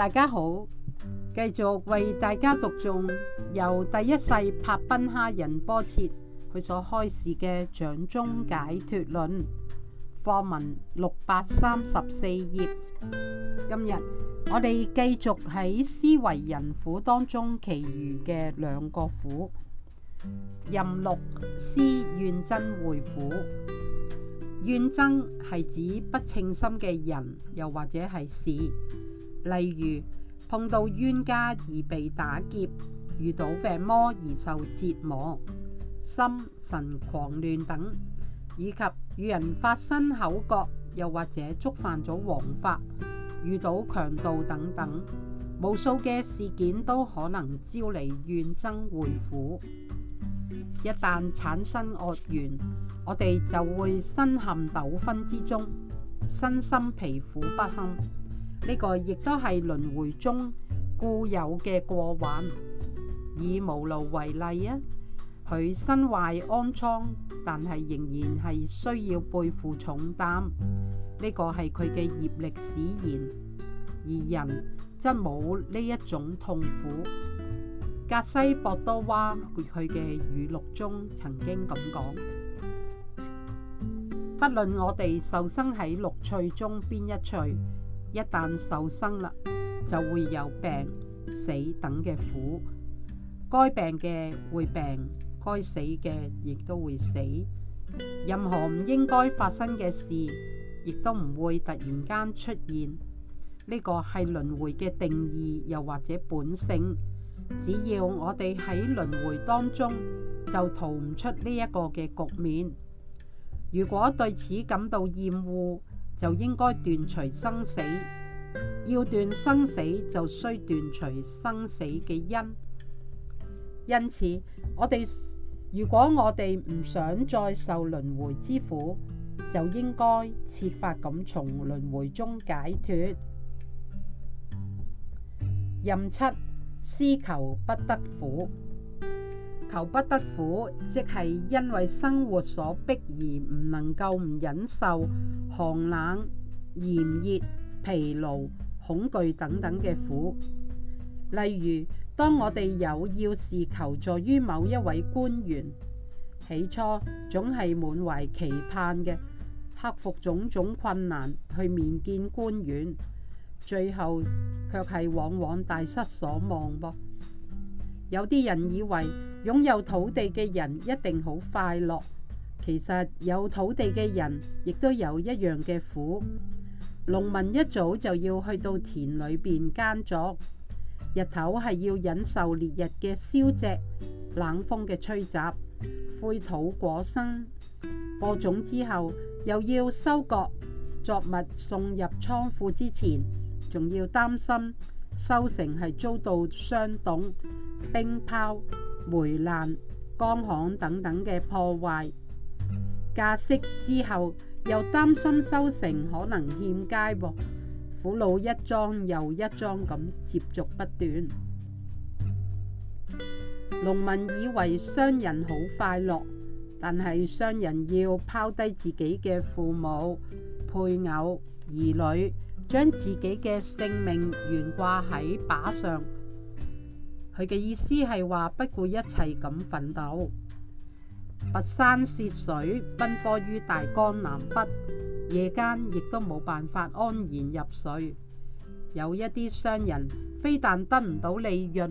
大家好，繼續為大家讀誦由第一世帕賓哈仁波切佢所開示嘅《掌中解脱論》課文六百三十四頁。今日我哋繼續喺思維人苦當中，其餘嘅兩個苦：任六、思、怨、憎會苦。怨憎係指不稱心嘅人，又或者係事。例如碰到冤家而被打劫，遇到病魔而受折磨，心神狂亂等，以及與人發生口角，又或者觸犯咗王法，遇到強盜等等，無數嘅事件都可能招嚟怨憎會苦。一旦產生惡緣，我哋就會身陷糾紛之中，身心疲苦不堪。呢個亦都係輪迴中固有嘅過患。以無路為例啊，佢身懷安倉，但係仍然係需要背負重擔。呢、這個係佢嘅業力使然，而人則冇呢一種痛苦。格西博多娃佢嘅語錄中曾經咁講：不論我哋受生喺六趣中邊一趣。一旦受生啦，就會有病、死等嘅苦。該病嘅會病，該死嘅亦都會死。任何唔應該發生嘅事，亦都唔會突然間出現。呢個係輪回嘅定義，又或者本性。只要我哋喺輪回當中，就逃唔出呢一個嘅局面。如果對此感到厭惡，就應該斷除生死，要斷生死就需斷除生死嘅因。因此，我哋如果我哋唔想再受輪回之苦，就應該設法咁從輪回中解脱。任七思求不得苦。求不得苦，即係因為生活所迫而唔能夠唔忍受寒冷、炎熱、疲勞、恐懼等等嘅苦。例如，當我哋有要事求助於某一位官員，起初總係滿懷期盼嘅，克服種種困難去面見官員，最後卻係往往大失所望噃。有啲人以為擁有土地嘅人一定好快樂，其實有土地嘅人亦都有一樣嘅苦。農民一早就要去到田裏邊耕作，日頭係要忍受烈日嘅燒灼、冷風嘅吹襲、灰土裹身。播種之後，又要收割作物，送入倉庫之前，仲要擔心。收成係遭到霜凍、冰雹、霉爛、乾旱等等嘅破壞，加息之後又擔心收成可能欠佳噃、哦，苦惱一樁又一樁咁接續不斷。農民以為商人好快樂，但係商人要拋低自己嘅父母、配偶、兒女。將自己嘅性命懸掛喺靶上，佢嘅意思係話不顧一切咁奮鬥，跋山涉水奔波於大江南北，夜間亦都冇辦法安然入睡。有一啲商人非但得唔到利潤，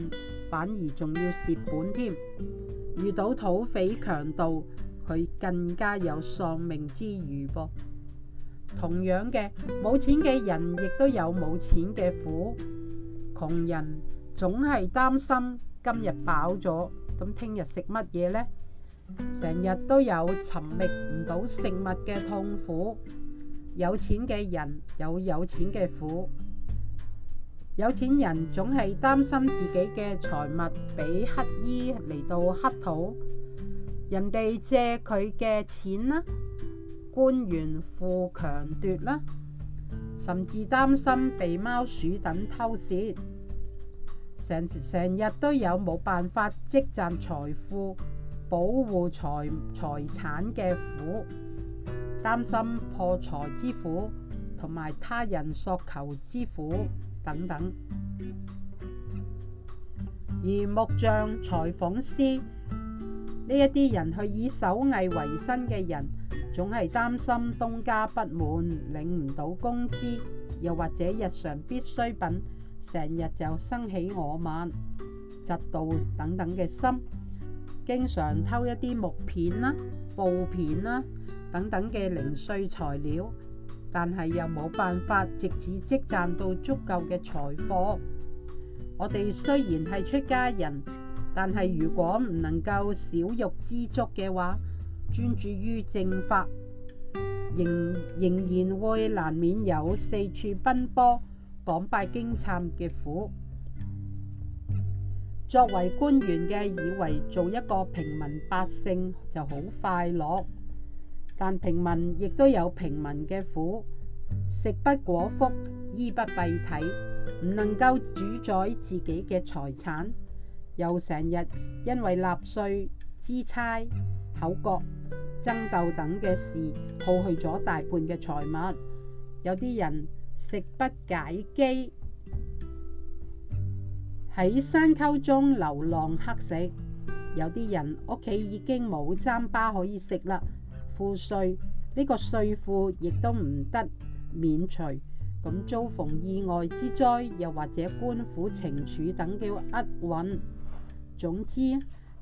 反而仲要蝕本添，遇到土匪強盜，佢更加有喪命之虞噃。同樣嘅冇錢嘅人亦都有冇錢嘅苦，窮人總係擔心今日飽咗，咁聽日食乜嘢呢？成日都有尋覓唔到食物嘅痛苦。有錢嘅人有有錢嘅苦，有錢人總係擔心自己嘅財物俾乞衣嚟,到乞討，人哋借佢嘅錢啦。官員富強奪啦，甚至擔心被貓鼠等偷竊，成成日都有冇辦法積攢財富、保護財財產嘅苦，擔心破財之苦同埋他人索求之苦等等。而木匠、裁縫師呢一啲人去以手藝為生嘅人。總係擔心東家不滿，領唔到工資，又或者日常必需品，成日就生起我慢、嫉妒等等嘅心，經常偷一啲木片啦、啊、布片啦、啊、等等嘅零碎材料，但係又冇辦法，直至積攢到足夠嘅財貨。我哋雖然係出家人，但係如果唔能夠少欲知足嘅話，專注於政法，仍仍然會難免有四處奔波、講拜經參嘅苦。作為官員嘅以為做一個平民百姓就好快樂，但平民亦都有平民嘅苦，食不果腹，衣不蔽體，唔能夠主宰自己嘅財產，又成日因為納稅支差。口角爭鬥等嘅事，耗去咗大半嘅財物；有啲人食不解饑，喺山溝中流浪乞食；有啲人屋企已經冇餐粑可以食啦。賦稅呢個稅庫亦都唔得免除，咁遭逢意外之災，又或者官府懲處等叫厄運。總之，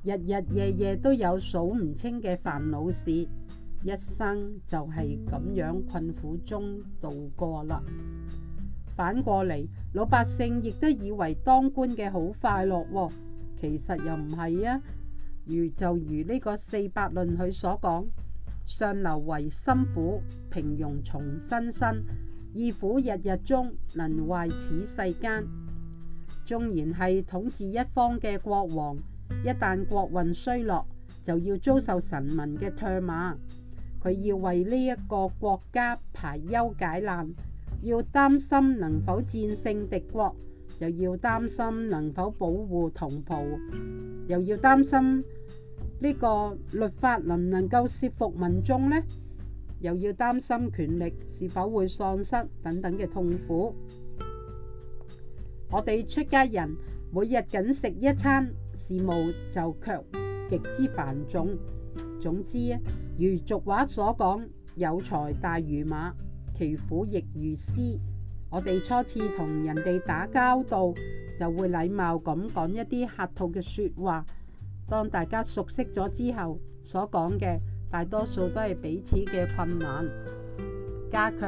日日夜夜都有數唔清嘅煩惱事，一生就係咁樣困苦中度過啦。反過嚟，老百姓亦都以為當官嘅好快樂，其實又唔係啊。如就如呢個四百論佢所講：上流為辛苦，平庸從身生，二苦日日中，能壞此世間。縱然係統治一方嘅國王。一旦國運衰落，就要遭受臣民嘅唾罵。佢要為呢一個國家排憂解難，要擔心能否戰勝敵國，又要擔心能否保護同袍，又要擔心呢個律法能唔能夠懾服民眾呢，又要擔心權力是否會喪失等等嘅痛苦。我哋出家人每日僅食一餐。事務就卻極之繁重。總之，如俗話所講，有財大如馬，其苦亦如斯。我哋初次同人哋打交道，就會禮貌咁講一啲客套嘅說話。當大家熟悉咗之後，所講嘅大多數都係彼此嘅困難。加卻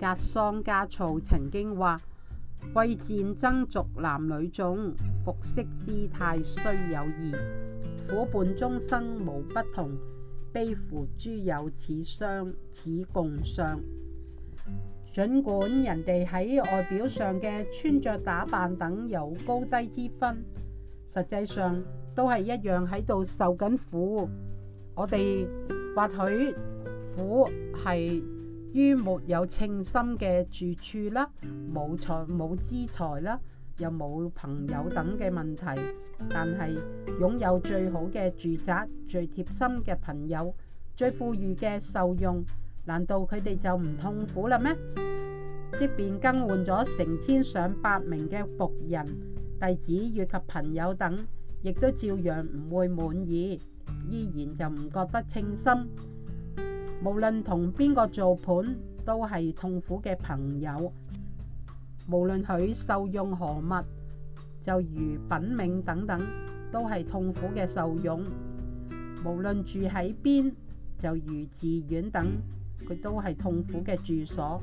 格桑加措曾經話。貴賤爭俗男女種，服飾姿態雖有異，苦伴終生無不同，悲乎諸有此相此共相。儘管人哋喺外表上嘅穿着打扮等有高低之分，實際上都係一樣喺度受緊苦。我哋或許苦係，於沒有稱心嘅住處啦，冇財冇資財啦，又冇朋友等嘅問題，但係擁有最好嘅住宅、最貼心嘅朋友、最富裕嘅受用，難道佢哋就唔痛苦喇咩？即便更換咗成千上百名嘅僕人、弟子以及朋友等，亦都照樣唔會滿意，依然就唔覺得稱心。無論同邊個做伴都係痛苦嘅朋友，無論佢受用何物，就如品茗等等，都係痛苦嘅受用。無論住喺邊，就如寺院等，佢都係痛苦嘅住所。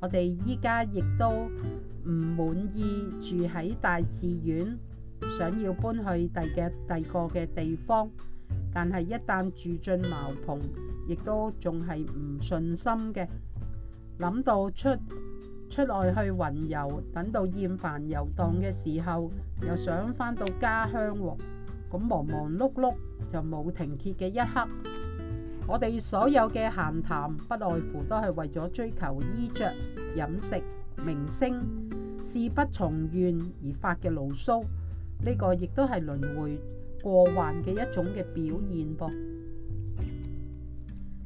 我哋依家亦都唔滿意住喺大寺院，想要搬去第嘅第個嘅地方，但係一旦住進茅棚，亦都仲係唔信心嘅，諗到出出外去雲遊，等到厭煩遊蕩嘅時候，又想返到家鄉喎。咁忙忙碌碌就冇停歇嘅一刻。我哋所有嘅閒談，不外乎都係為咗追求衣着、飲食、名聲，事不從願而發嘅牢騷。呢個亦都係輪迴過患嘅一種嘅表現噃。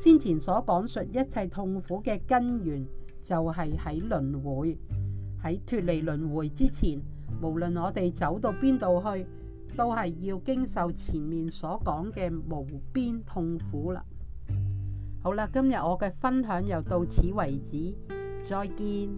先前所講述一切痛苦嘅根源就，就係喺輪迴。喺脫離輪迴之前，無論我哋走到邊度去，都係要經受前面所講嘅無邊痛苦啦。好啦，今日我嘅分享又到此為止，再見。